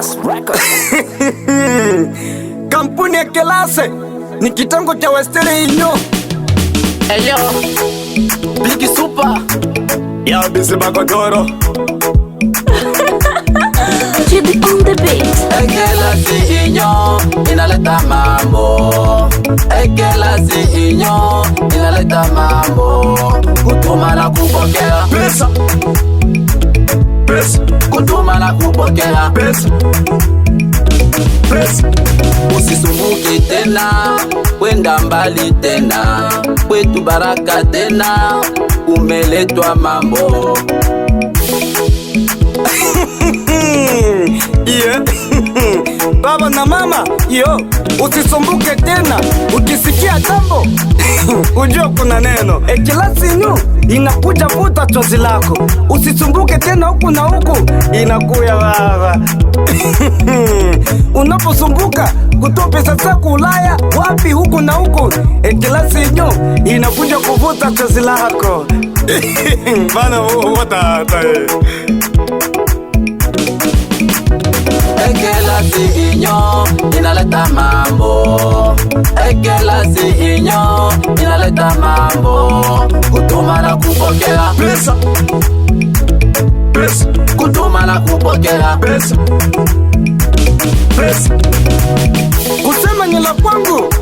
Records, Records. Kampuni ya Kelase ni kitengo cha Western Union. Hello. Eh, Big Super. Ya busy bagodoro. Kidi on the beat. Kelase Union inaleta mambo. Kelase Union inaleta mambo. Kutuma na kupokea pesa pesa, kutuma na kupokea pesa, pesa. Usisumbuke tena, kwenda mbali tena, kwetu baraka tena, umeletwa mambo yeah. Baba na mama yo, usisumbuke tena kufikia jambo ujua kuna neno e kila inakuja, vuta chozi lako, usisumbuke tena huku na huku, inakuya baba unaposumbuka kutoa pesa zako Ulaya wapi, huku na huku, e inakuja kuvuta chozi lako bana watata Ekela sinyo inaleta mambo kuleta mambo, kutuma na kupokea pesa, pesa, kutuma na kupokea pesa, pesa, kusema ni la kwangu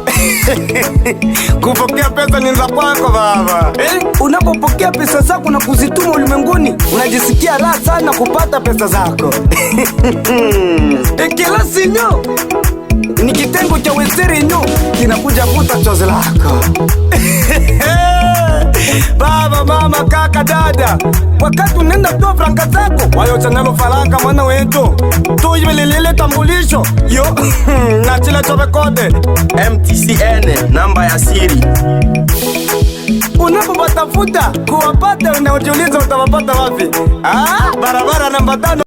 kupokea pesa ni za kwako baba eh? Unapopokea pesa zako na kuzituma ulimwenguni, unajisikia raha sana kupata pesa zako eh, sinyo kitengo cha weziri nyu kinakuja kuta chozi lako baba, mama, kaka, dada, wakati unenda toa franga zako wayochanalo faranga mwana wetu tuyivililile tambulisho yo na chile chovekode MTCN namba ya siri unapowatafuta kuwapata, unajiuliza utawapata wapi? Ah, barabara namba tano.